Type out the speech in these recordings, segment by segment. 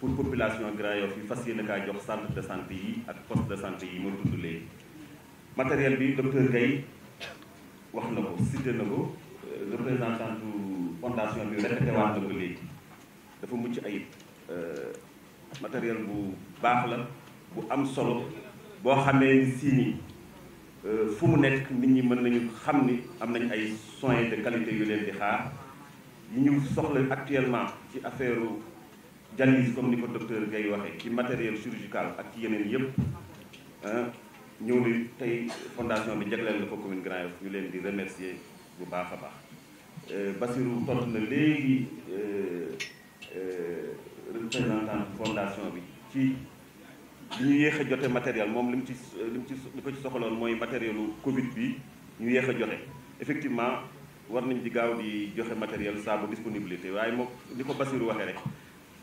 pour population Grand Yoff yi fas yéene kaa jox centre de santé yi ak poste de santé yi ma tudd léegi matériel bi docteur Gaye wax na ko cité na ko euh, représentant fondation bi répété waat na ko léegi dafa mucc ayib euh, matériel bu baax la bu am solo boo xamee ni si ni euh, fu mu nekk nit ñi mën nañu xam ni am nañ ay soins de qualité yu leen di xaar yi ñu soxla actuellement ci affaire dialyse comme ni ko docteur Gaye waxee ci matériel chirurgical ak ci yeneen yëpp hein, ñëw ni tey fondation bi jagleel na ko commune Grand Yoff ñu leen di remercier bu baax a baax euh, Basirou tontu na léegi euh, euh, représentant fondation bi ci li ñu yéex a jote matériel moom lim ci lim ci li ko ci soxaloon mooy matérielu Covid bi ñu yéex a joxe effectivement war nañ di gaaw di joxe matériel saa bu disponibilité waaye moom li ko Basirou waxee rek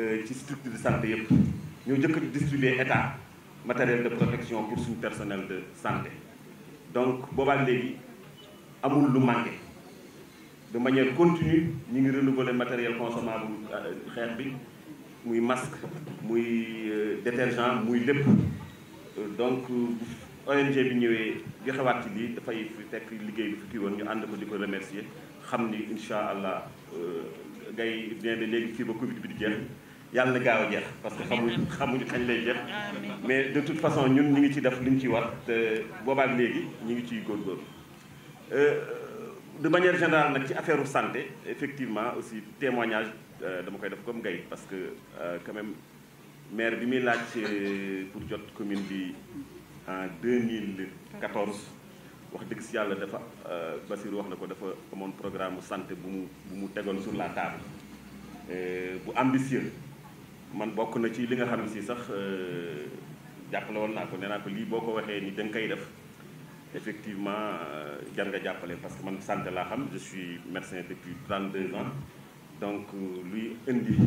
Euh, ci structure de santé Nous avons distribué matériel de protection pour personnel de santé donc amul de manière continue nous ngi renouveler matériel consommable euh, xeex bi muy masque muy euh, détergent muy donc ONG bi bi ñu ko Covid yàlla na gaaw a jeex parce que xamuñ xamuñ kañ lay jeex mais de toute façon ñun ñu ngi ci def li ñu ci war te boobaak léegi ñu ngi ciy góorgóorlu euh, de manière générale nag ci affaire santé effectivement aussi témoignage euh, dama koy def comme gay parce que euh, quand même maire bi muy laaj pour jot commune bi en 2014 wax dëgg si yàlla dafa Basir wax na ko dafa amoon programme santé bu mu bu mu sur la table bu ambitieux man bokk na ci li nga xam ne si sax euh, jàppale woon naa ko nee naa ko lii boo ko waxee ni da nga koy def effectivement euh, jar nga jàppale parce que man santé laa xam je suis médecin depuis 32 ans donc euh, luy indi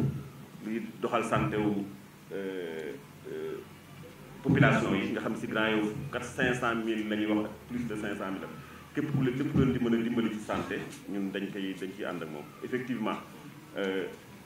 luy doxal santé wu population yi nga xam si Grand Yoff quatre cinq cent mille la ñuy wax ak plus de cinq cent mille ak képp ku la képp doon di mën a dimbali ci santé ñun dañ koy dañ ciy ànd ak moom effectivement Euh,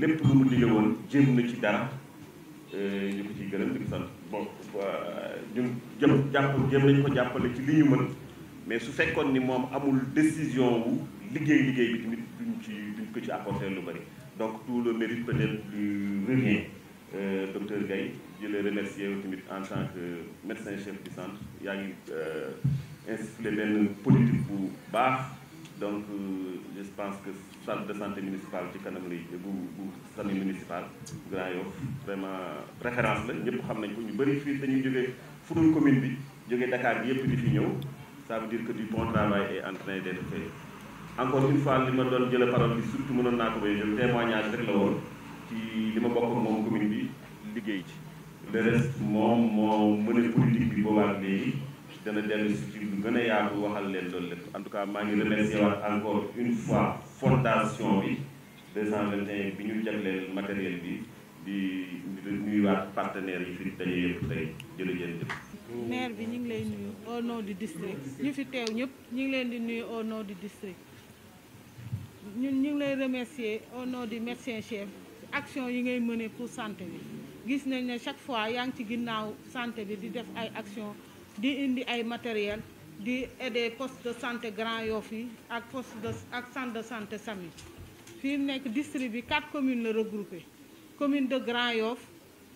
lépp lu mu dige woon jéem na ci dara euh, ñu ko ciy gërëm di ko sant bon ñun jëm jàpp jëm nañ ko jàppale ci li ñu mën mais su fekkoon ni moom amul décision wu liggéey liggéey bi tamit duñ ci duñ ko ci apporter lu bëri donc tout le mérite peut-être du revient euh, docteur Gaye di la remercier tamit en tant que médecin chef du centre yaa ngi euh, insufflé benn politique bu baax donc euh, je pense que centre de santé municipal ci kanam lay bu bu santé municipale Grand Yoff vraiment référence la ñëpp xam nañ ko ñu bari fi dañu jógee fu dul commune bi jógee Dakar bi yëpp di fi ñëw ça veut dire que du bon travail est en train d'être fait encore une fois li ma doon jële parole bi surtout mënoon naa ko bay jël témoignage rek la woon ci li ma bokk moom commune bi liggéey ci le reste moom moo mën politique bi boobaat léegi dana dellu si ci lu gën a yaatu waxal leen loolu lépp en tout cas maa ngi remercier waat encore une fois fondation bi 221 bi ñu jagleel matériel bi di nuyuwaat partenaire yi fi daje yëpp tey jërëjëf. maire bi ñu ngi lay nuyu au nom du district ñu fi teew ñëpp ñu ngi leen di nuyu au nom du district ñun ñu ngi lay remercier au nom du médecin chef action yi ngay mëne pour santé bi gis nañ ne chaque fois yaa ngi ci ginnaaw santé bi di def ay action di indi des matériel di aider poste de santé Grand Yoff et ak poste de ak centre de santé Sami. fii nek district quatre communes regroupées commune de Grand Yoff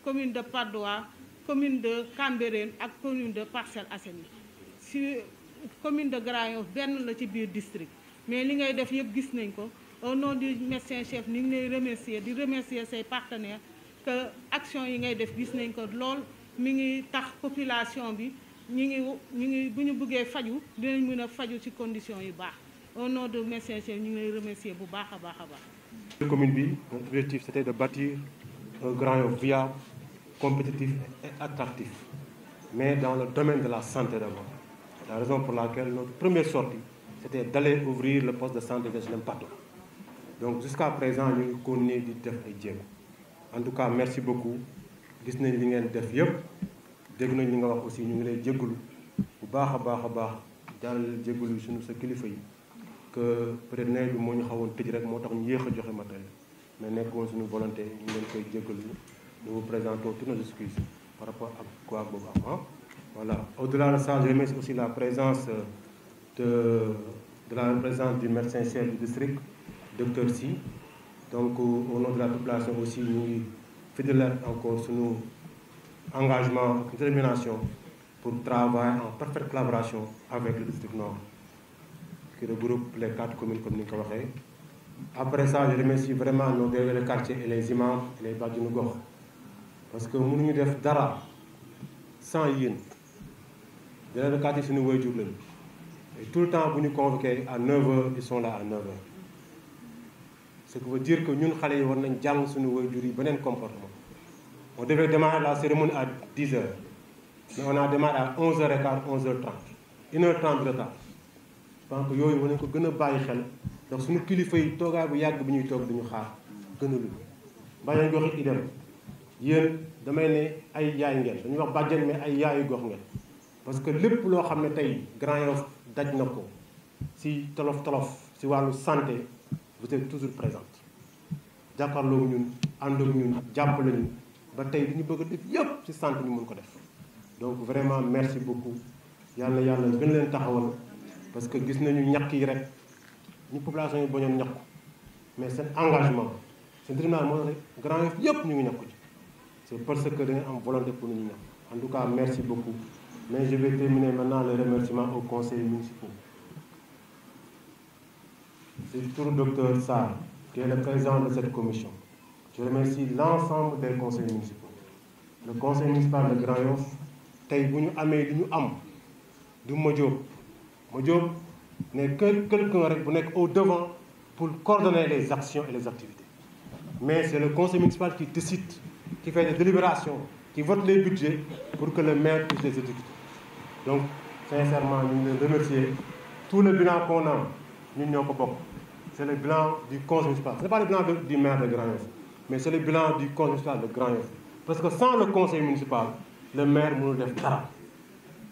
commune de Padoa, commune de Camberen, ak commune de Parcelles Assainies si commune de Grand Yoff bien la ci biir district mais li ngay def yëpp gis ko au nom du médecin chef ni ngi remercier di remercier partenaires que action yi ngay def gis nañ ko lool mi ngi population bi nous ngi ñu ngi bu nous faju dinañ mën faju ci condition yu au nom de médecin nous ñu ngi lay remercier bu baax a baax commune bi notre objectif c'était de bâtir un Grand lieu viable compétitif et attractif mais dans le domaine de la santé d'abord la raison pour laquelle notre première sortie c'était d'aller ouvrir le poste de santé végétal Pato donc jusqu'à présent nous ngi continuer di def ay jéego en tout cas merci beaucoup gis nañ li def dégg nañ li nga wax aussi ñu ngi lay jégalu bu baax a baax a baax daal jégalu suñu sa kilifa yi que peut-être nawet bi moo ñu xawoon tëj rek moo tax ñu yéex a joxe matériel mais nekk suñu volonté ñu leen koy jégalu nous vous présentons toutes nos excuses par rapport ak quoi boobu am voilà au-delà de ça je remercie aussi la présence de de la présence du médecin chef du district docteur Si donc au nom de la population aussi ñu ngi fidèle encore suñu engagement, détermination pour travailler en parfaite collaboration avec le district Nord, qui regroupe les quatre communes comme Après ça, je remercie vraiment nos délégués de quartier et les imams et les badjounougor. Parce que nous avons fait d'ara sans yin. Les délégués de quartier sont nous Et tout le temps, vous nous convoquez à 9h, ils sont là à 9h. Ce qui veut dire que nous, les enfants, nous devons nous comportement. On devait démarrer la cérémonie à 10 h mais on a démarré à 11 h 15 11h30. 1h30 de temps. Je pense que nous avons que nous avons fait. Donc, si nous avons fait, nous avons fait que nous avons fait que nous avons fait. Nous avons fait que nous avons fait. Nous avons fait que nous avons fait. Nous avons Parce que si vous long, c'est que grand avons fait que nous avons Si nous avez fait santé, vous êtes toujours présents. Nous avons que nous avons fait. Nous que nous ba tey li ñu bëgg a def yëpp ci ñu ko def donc vraiment merci beaucoup yàlla yàlla gën leen taxawal parce que gis nañu ñàkk yi rek ñu population yi bañoon Mais mais seen engagement C'est tribunal moo grand effort yëpp ñu ngi ci c'est parce que nous am volonté pour ñu en tout cas merci beaucoup mais je vais terminer maintenant le remerciement au conseil municipal c'est le tour docteur Sarr qui est le président de cette commission je remercie l'ensemble des conseils municipaux. Le conseil municipal de Grand Yoff est am du n'est que quelqu'un au devant pour coordonner les actions et les activités mais c'est le conseil municipal qui décide qui fait des délibérations qui vote les budgets pour que le maire puisse les exécuter donc sincèrement nous remercie tous les tout le bilan qu'on a c'est le bilan du conseil municipal ce n'est pas le bilan du maire de Grand Yoff mais c'est le bilan du conseil municipal de Grand Yoff parce que sans le conseil municipal le maire ne mënul def pas.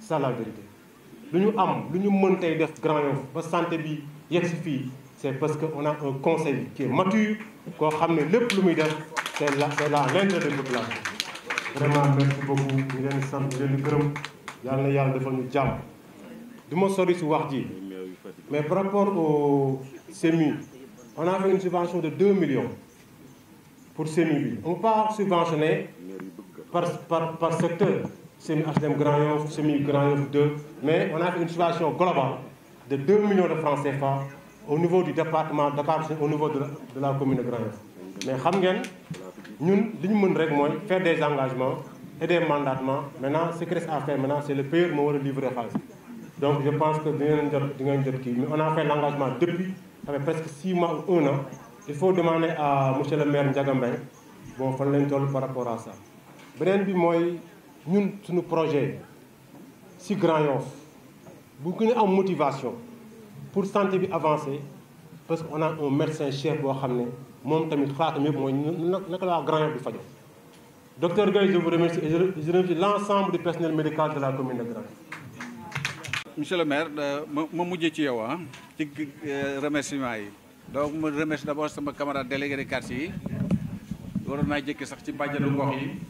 ça la vérité lu nous am ce nous mën tey def Grand Yoff ba santé bi c'est parce qu'on a un conseil qui est mature qui a ramené le plus muy c'est là, c'est l'intérêt de peuple. vraiment merci beaucoup ñu leen sant ñu vous di gërëm yàlla de defal ñu du moins, mais par rapport au SEMI on a fait une subvention de 2 millions pour semis. On n'a subventionner par, par, secteur, semi HLM Grand Yoff, semi Grand Yoff 2, mais on a une situation globale de 2 millions de francs CFA au niveau du département Dakar, au niveau de la, commune de Grand Yoff. Mais xam ngeen ñun li mën rek faire des engagements et des mandatements maintenant ce qui reste à faire maintenant c'est le payeur moo war et livrer donc je pense que dinañ jot on a fait l'engagement depuis ça fait presque 6 mois ou 1 an il faut demander à M. le maire de Mbaye bon fan lañ par rapport à ça benen bi nous, ñun suñu projet si Grand Yoff bu gën am motivation pour santé bi avancer parce qu'on a un médecin chef pour xamné mom tamit xalaatam yeb moy naka la Grand Yoff docteur Gueye je vous remercie je remercie l'ensemble du personnel médical de la commune de Grand M. le maire euh, je vous ci yow ah ci euh, remerciement yi donc ma remercie d'abord sama camarade délégué de quartier yi waroon naa jëkke sax ci bàjjanu gox yi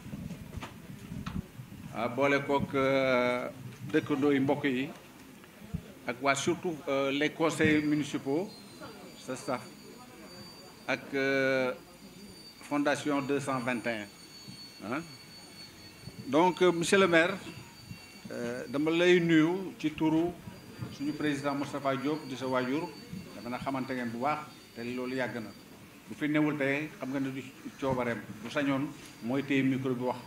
ah boole kook euh, dëkkandoo yi mbokk yi ak waa surtout euh, les conseils municipaux c'est ça. ak euh, fondation 221 Hein? donc monsieur le maire dama lay nuyu ci turu suñu président Moustapha Diop di sa waajur dafa na xamante ngeen bu baax te loolu yàgg na bu fi newul tey xam nga ne du coobareem bu sañoon mooy téye micro bi wax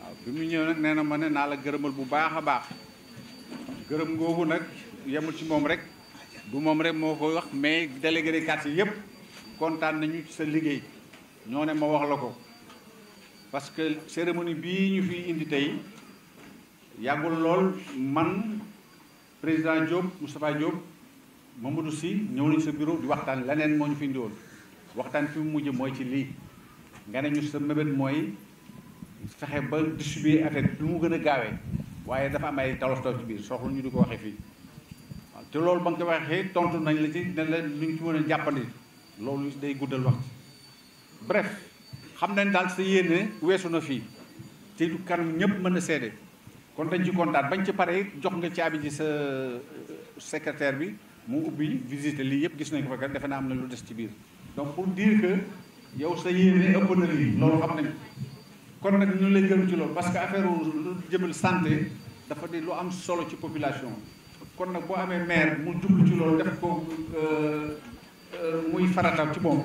waaw bi mu ñëw nag nee na ma ne naa la gërëmal bu baax a baax gërëm googu nag yemul ci moom rek du moom rek moo koy wax mais délégué de quartier yëpp kontaan nañu sa liggéey ñoo ne ma wax la ko parce que cérémonie bii ñu fi indi tey yàggul lool man président Diop Moustapha Diop Mamadou si ñëw nañ sa bureau di waxtaan leneen moo ñu fi indiwoon waxtaan fi mu mujj mooy ci lii nga ne ñu sa mébét mooy fexe ba distribuer affaire bi mu gën a gaawee waaye dafa am ay talof ci biir soxla ñu di ko waxee fii waaw te loolu ba waxee tontu nañ la ci ne la ñu ci mën a jàppandi loolu day guddal wax bref xam nañ daal sa yéene weesu na fii te du kanam ñëpp mën a seede kon dañ ci kontaan bañ ci pare jox nga caabi ji sa euh, secrétaire bi mu ubbi visite lii yëpp gis nañ ko fa defe naa am na lu des ci biir donc pour dire que yow sa yéene ëpp na lii loolu xam nañ kon nag ñu lay gërëm ci loolu parce que affaire lu jëmal santé dafa di lu am solo ci population kon nag boo amee maire mu jublu ci loolu def ko euh, euh, muy farata ci moom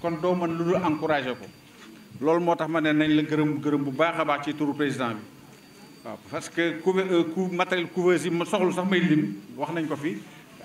kon doo mën lu dul encouragé ko loolu moo tax ma ne nañ la gërëm gërëm bu baax a baax ci turu président bi waaw parce que couve ku euh, matériel couveuse yi ma soxlu sax may lim wax nañ ko fi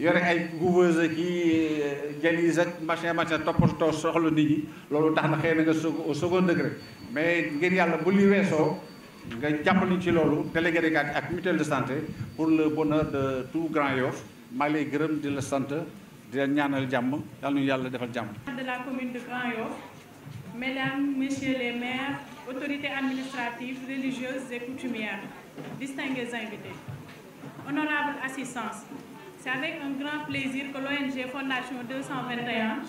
Il y a des i qui ak machin machin toppatoo soxla nit ñi lolu tax na xëy nga au second degré mais ngeen yalla bu li wesso nga jàppali ci lolu délégué de ak de santé pour le bonheur de tout Grand Yoff maa lay gërëm di la santé di la ñaanal jamm yalla ñu yalla defal jamm de la commune de Grand Yoff mesdames messieurs les maires autorités administratives religieuses et coutumières distingués invités honorable assistance c'est avec un grand plaisir que l'ONG Fondation 221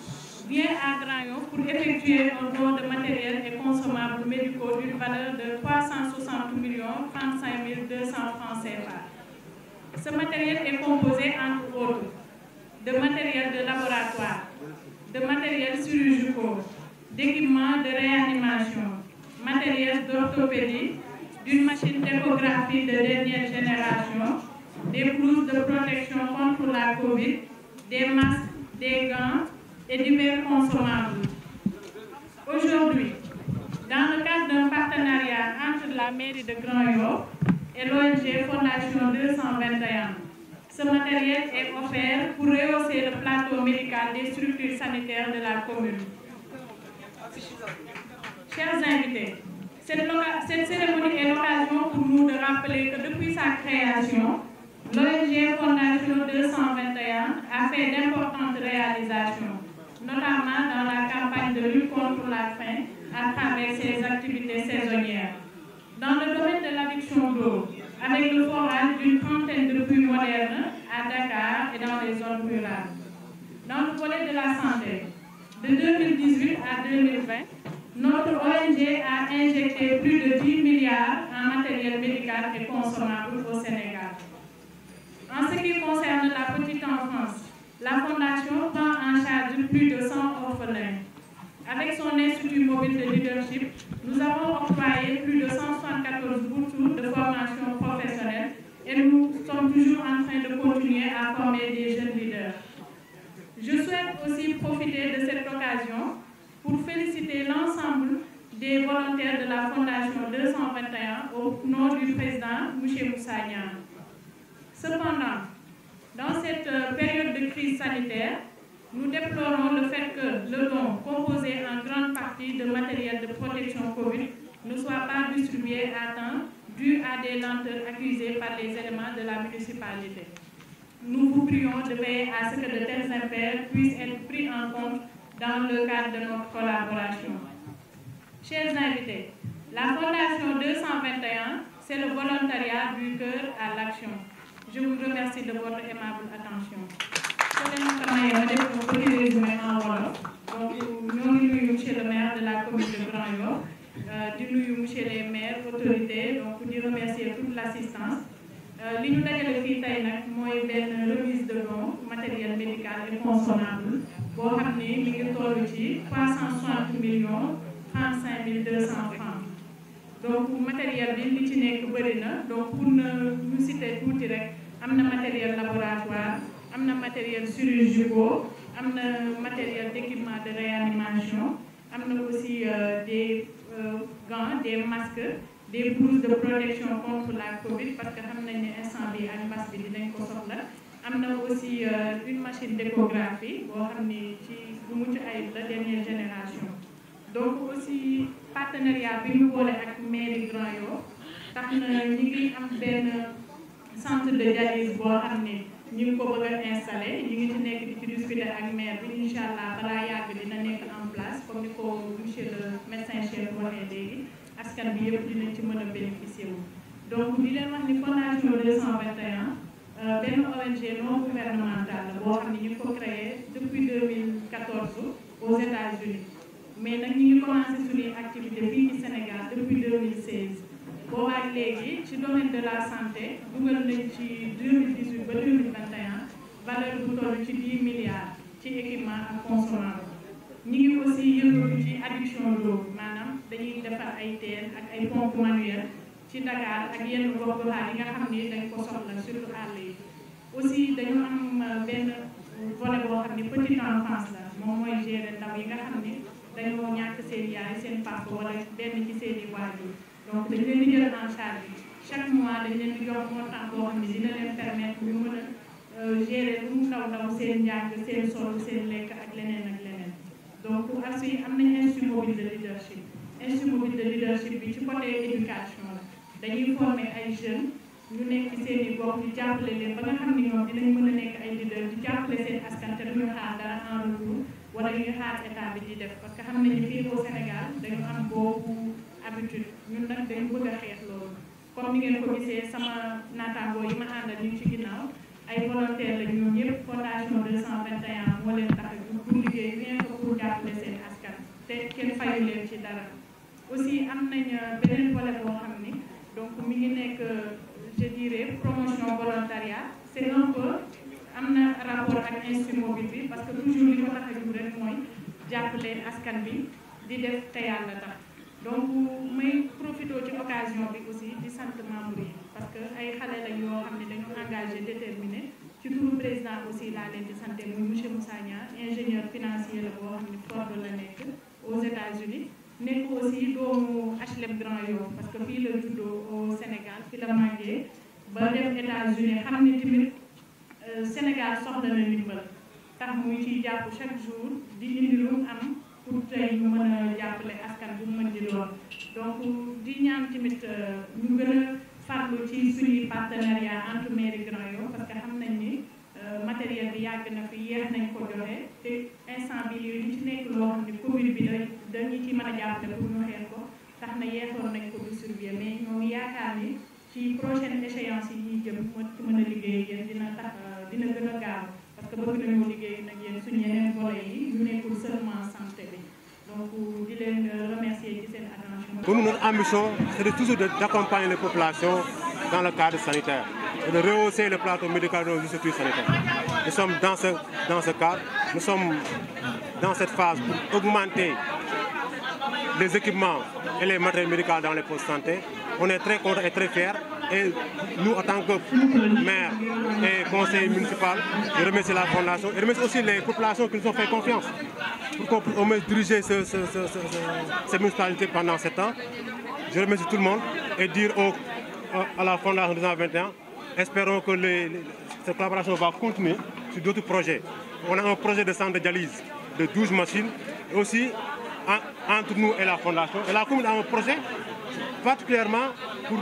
vient à Grand pour effectuer un don de matériel et consommables médicaux d'une valeur de 360 millions 35 200 francs CFA. Ce matériel est composé entre autres de matériel de laboratoire, de matériel chirurgical, d'équipements de réanimation, matériel d'orthopédie, d'une machine d'échographie de dernière génération, des blouses de protection contre la COVID, des masques, des gants et du divers consommables. Aujourd'hui, dans le cadre d'un partenariat entre la mairie de Grand York et l'ONG Fondation 221, ce matériel est offert pour rehausser le plateau médical des structures sanitaires de la commune. Chers invités, cette, cette cérémonie est l'occasion pour nous de rappeler que depuis sa création, L'ONG Fondation 221 a fait d'importantes réalisations, notamment dans la campagne de lutte contre la faim à travers ses activités saisonnières. Dans le domaine de l'addiction d'eau, avec le forage d'une trentaine de puits modernes à Dakar et dans les zones rurales. Dans le volet de la santé, de 2018 à 2020, notre ONG a injecté plus de 10 milliards en matériel médical et consommable au Sénégal. En ce qui concerne la petite enfance, la Fondation prend en charge plus de 100 orphelins. Avec son institut mobile de leadership, nous avons octroyé plus de 174 bourses de formation professionnelle et nous sommes toujours en train de continuer à former des jeunes leaders. Je souhaite aussi profiter de cette occasion pour féliciter l'ensemble des volontaires de la Fondation 221 au nom du président Mouché Moussagnan. Cependant, dans cette euh, période de crise sanitaire, nous déplorons le fait que le don composé en grande partie de matériel de protection commune ne soit pas distribué à temps dû à des lenteurs accusées par les éléments de la municipalité. Nous vous prions de veiller à ce que de tels impairs puissent être pris en compte dans le cadre de notre collaboration. Chers invités, la Fondation 221, c'est le volontariat du cœur à l'action. Je vous remercie de votre aimable attention. Donc, nous sommes monsieur le maire de la commune de Grand York, euh, nous monsieur le maire, autorités. donc nous remercier toute l'assistance. Euh, li ñu dajale fii tey remise de dons matériel médical et consommable boo xam ni mi ngi toll ci 360 millions 35 200 francs donc matériel bi li ci nekk donc pour nous ñu citer tuuti rek am na matériel laboratoire am na matériel chirurgicaux am na matériel d'équipement de réanimation am na aussi euh, des euh, gants des masques des blouses de protection contre la Covid parce que nous avons un instant bi ak masque bi dinañ ko soxla am aussi euh, une machine d'échographie boo xam ci bu mucc la dernière génération donc aussi partenariat bi ñu boole ak mairie Grand Yoff tax na ñu ngi am benn centre de dialyse boo xam ne ñu ngi ko bëgg a installé ñu ngi ci nekk di ci discuter ak maire bi incha allah balaa yàgg dina nekk en place comme ni ko monsieur le médecin chef waxee léegi askan bi yëpp dina ci mën a bénéficier wu. donc di leen wax ni Fondation 221 euh, benn ONG non gouvernemental la boo xam ne ñu ko créé depuis 2014 aux États-Unis mais nag ñu ngi commencé suñuy activité fii ci Sénégal depuis 2016 boobaak léegi ci domaine de la santé dugal nañ ci 2018 ba 2021 valeur bu toll ci 10 milliards ci équipement ak consommable ñu ngi aussi yëngatu ci adduction d'eau maanaam dañuy defar ay teen ak ay pompe manuelle ci Dakar ak yenn gox goxaan yi nga xam ni dañ ko soxla surtout àll yi aussi dañu am euh, benn volet boo xam ni petite enfance la moom mooy gérer ndaw yi nga xam ni dañoo ñàkk seen yaay seen papa wala benn ci seen i waajur donc dañu leen di jël en charge chaque mois dañu leen di jox montant boo xam ne dina leen permettre ñu mën a euh, gérer lu mu ndaw ndaw seen njàng seen sol seen lekk ak leneen ak leneen donc ASSU yi am nañ institut mobile de leadership institut mobile bi ci côté éducation la dañuy former ay jeunes ñu nekk seen i gox ñu jàppale leen ba nga xam ne ñoom dinañ mën a nekk ay leader di jàppale seen askan te duñu xaar dara en retour wala ñuy xaar état bi di def parce que xam nañu fii au Sénégal dañu am boobu habitude ñun nag dañu bëgg a xeex loolu comme ni ngeen ko gisee sama naataangoo yi ma àndal ñu ngi ci ginnaaw ay volontaire la ñoom ñëpp fondation 221 moo leen tax a jug pour liggéey rien que pour jàppale seen askan te kenn fayu leen ci dara aussi am nañ euh, beneen volet boo xam ni donc mi ngi nekk euh, je promotion volontariat c'est un am na rapport ak institut mobile bi parce que toujours li ko tax a jug rek mooy jàppale askan bi di def te yàlla tax donc may profité ci occasion bi aussi di sant membre yi parce que ay xale lañ yoo xam ne dañu engagé déterminé ci turu président aussi laa leen di sante muy monsieur ingénieur financier la boo xam ne Ford la nekk aux États-Unis nekk aussi doomu HLM Grand Yoff parce que fii la juddoo au Sénégal fii la ba dem États-Unis xam ne tamit Euh, Sénégal soxla na ndimbal tax muy ciy jàpp chaque jour di indi lu am pour tey ñu mën a jàppale askan bu mën di doon donc di ñaan tamit euh, ñu gën a farlu ci suñuy partenariat entre mairie Grand parce que xam nañ ni euh, matériel bi yàgg na fi yéex nañ ko joxe te instant bi yooyu ñu ci nekk loo xam ne commune bi da dañu ci mën a jàppale pour ñu xeex ko tax na yeexoon nañ ko du surveiller mais ñoo yaakaar ni ci prochaine échéance yi ñuy jëm moo ci mën a liggéey yéen nous notre ambition c'est toujours d'accompagner les populations dans le cadre sanitaire et de rehausser le plateau médical de nos instituts sanitaires nous sommes dans ce dans ce cadre nous sommes dans cette phase pour augmenter les équipements et les matériels médicaux dans les postes de santé on est très content et très fiers et nous, en tant que maire et conseil municipal, je remercie la Fondation et remercie aussi les populations qui nous ont fait confiance pour qu'on puisse diriger ce, ce, ces municipalités pendant sept ans. Je remercie tout le monde et dire à la Fondation 2021 espérons que les, cette collaboration va continuer sur d'autres projets. On a un projet de centre de dialyse de 12 machines, et aussi entre nous et la Fondation. Et la commune a un projet particulièrement pour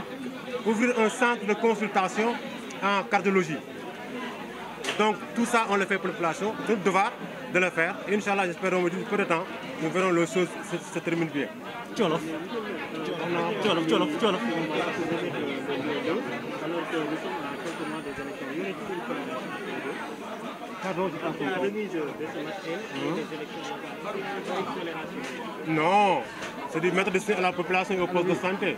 ouvrir un centre de consultation en cardiologie. Donc tout ça, on le fait pour la population, c'est notre devoir de le faire. Inch'Allah, j'espère au bout peu de temps, nous verrons les choses se, se terminent bien. Tcholof. Tcholof, tcholof, tcholof. Pardon, hein? Non, c'est des méthodes de à la population et poste de santé.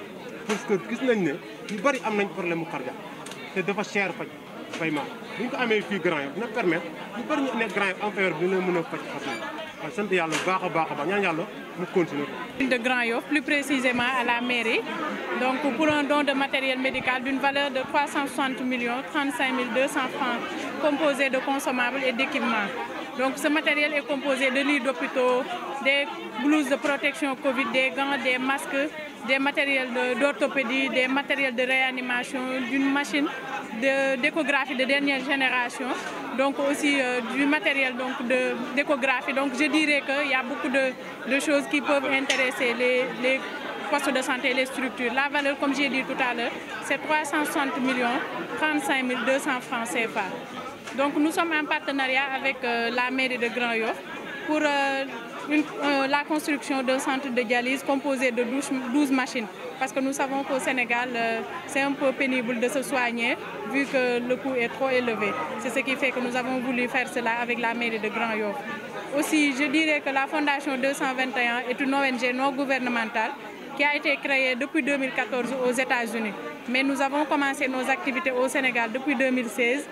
parce que gis nañ ne ñu bari am nañ problème mu cardiaque te dafa cher faj vraiment bu ko amé fi Grand Yoff na permettre ñu bari ñu nekk Grand Yoff en faveur dina mën a faj facile waaw sant yalla bu baax a ba ñaan yalla mu continuer ko. de Grand Yoff plus précisément à la mairie donc pour un don de matériel médical d'une valeur de 360 millions 35 200 francs composé de consommables et d'équipements. Donc ce matériel est composé de lits d'hôpitaux, des blouses de protection Covid, des gants, des masques, des matériels d'orthopédie, des matériels de réanimation, d'une machine d'échographie de, dernière génération, donc aussi euh, du matériel d'échographie. Donc, je dirais qu'il y a beaucoup de, choses qui peuvent intéresser les, les postes de santé les structures. La valeur, comme j'ai dit tout à l'heure, c'est 360 millions 35 200 francs CFA. Donc nous sommes en partenariat avec euh, la mairie de Grand-Yoff pour euh, euh, la construction d'un centre de dialyse composé de 12, machines. Parce que nous savons qu'au Sénégal, euh, c'est un peu pénible de se soigner vu que le coût est trop élevé. C'est ce qui fait que nous avons voulu faire cela avec la mairie de Grand York. Aussi, je dirais que la Fondation 221 est une ONG non gouvernementale qui a été créée depuis 2014 aux États-Unis. Mais nous avons commencé nos activités au Sénégal depuis 2016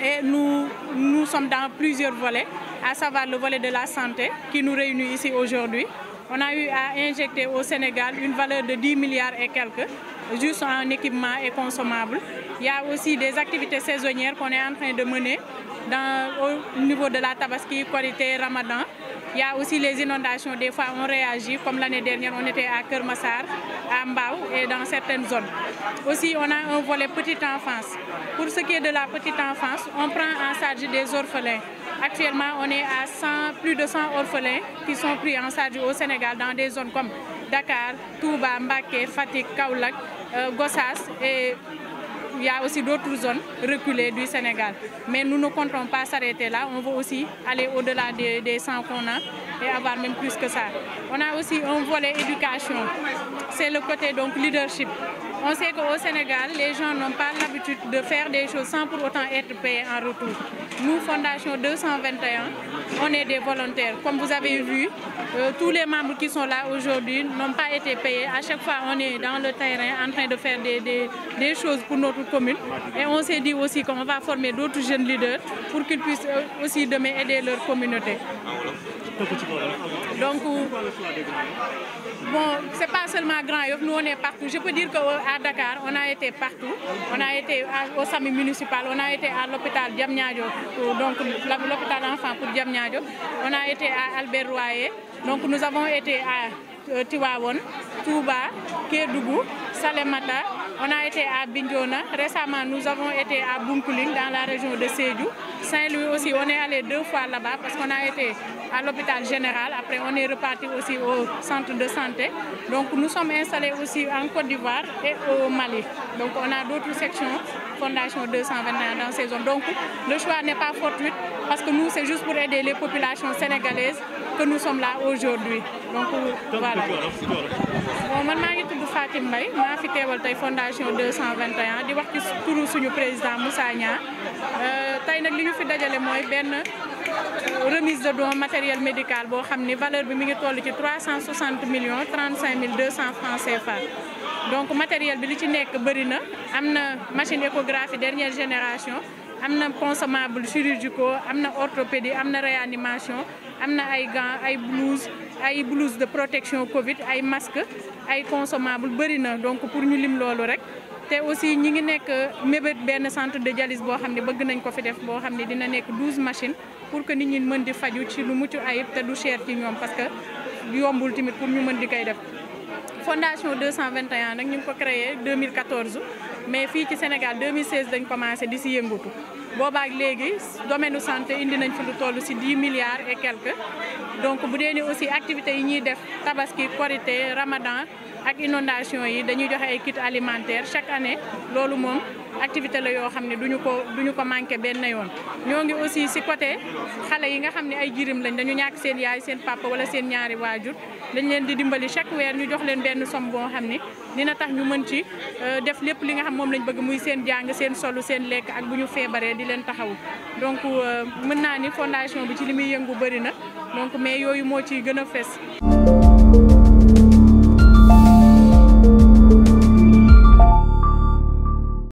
et nous sommes dans plusieurs volets à savoir le volet de la santé qui nous réunit ici aujourd'hui. On a eu à injecter au Sénégal une valeur de 10 milliards et quelques, juste en équipement et consommable. Il y a aussi des activités saisonnières qu'on est en train de mener dans, au niveau de la Tabaski, Qualité, Ramadan. Il y a aussi les inondations, des fois on réagit, comme l'année dernière on était à Kermassar, à Mbao et dans certaines zones. Aussi on a un volet petite enfance. Pour ce qui est de la petite enfance, on prend en charge des orphelins Actuellement, on est à plus de 100 orphelins qui sont pris en charge au Sénégal dans des zones comme Dakar, Touba, Mbake, Fatik, Kaoulak, euh, Gossas et il y a aussi d'autres zones reculées du Sénégal. Mais nous ne comptons pas s'arrêter là. On veut aussi aller au-delà des, 100 qu'on a et avoir même plus que ça. On a aussi un volet éducation. C'est le côté donc leadership. On sait qu'au Sénégal, les gens n'ont pas l'habitude de faire des choses sans pour autant être payés en retour. Nous, Fondation 221, on est des volontaires. Comme vous avez vu, euh, tous les membres qui sont là aujourd'hui n'ont pas été payés. À chaque fois, on est dans le terrain en train de faire des, des choses pour notre commune. Et on s'est dit aussi qu'on va former d'autres jeunes leaders pour qu'ils puissent euh, aussi demain aider leur communauté. Donc, euh, bon, c'est pas seulement Grand nous on est partout. Je peux dire qu'à euh, Dakar, on a été partout. On a été au SAMI municipal, on a été à l'hôpital Diamniadio, euh, donc l'hôpital enfant pour Diamniadio. On a été à Albert Royer. Donc, nous avons été à Tiwawon, Touba, Kedougou, Salemata, on a été à Bindona. Récemment, nous avons été à Bunkuling, dans la région de Sédou. Saint-Louis aussi, on est allé deux fois là-bas parce qu'on a été à l'hôpital général. Après, on est reparti aussi au centre de santé. Donc, nous sommes installés aussi en Côte d'Ivoire et au Mali. Donc, on a d'autres sections Fondation 221 dans ces zones. Donc le choix n'est pas fortuit parce que nous, c'est juste pour aider les populations sénégalaises que nous sommes là aujourd'hui. Donc euh, voilà. bon man maa ngi tudd Fatim Mbaye la fi Fondation 221 di wax ci turu suñu président Moussa Niang euh, tey nag li ñu fi Benne euh, remise de dons matériel médical La valeur bi mi 360 millions 35 200 francs CFA donc matériel bi li ci nek y na des machine échographie dernière génération des consommables chirurgicaux des orthopédies, orthopédie réanimations, des réanimation amna ay gants ay blouses, ay blouses de protection Covid ay masques, ay consommables bari na donc pour ñu lim lolu rek té aussi ñi ngi nek le centre de dialyse nous xamni 12 nañ ko fi def machines pour que nit ñi faire di faju ci lu mucc ayib té du cher ci parce que yombul timit pour ñu mën di fondation 221 nag ñu ngi ko créé 2014 mais fii ci Sénégal 2016 dañ commencé di si yëngatu boobaak léegi domaine santé indi nañ fi lu toll si 10 milliards et quelques donc bu dee ni aussi activité yi ñuy def tabaski korité ramadan ak inondation yi dañuy joxe ay kits alimentaires chaque année loolu moom activité la yoo xam ne duñu ko duñu ko manqué benn yoon ñoo ngi aussi si côté xale yi nga xam ne ay jirim lañ dañu ñàkk seen yaay seen papa wala seen ñaari waajur dañ leen di dimbali chaque weer ñu jox leen benn somme boo xam ni dina tax ñu mën ci euh, def lépp li nga xam moom lañ bëgg muy seen jàng seen solu seen lekk ak bu ñu feebaree di leen taxawu donc euh, mën naa ni fondation bi ci li muy yëngu bëri na donc mais yooyu moo ciy gën a fees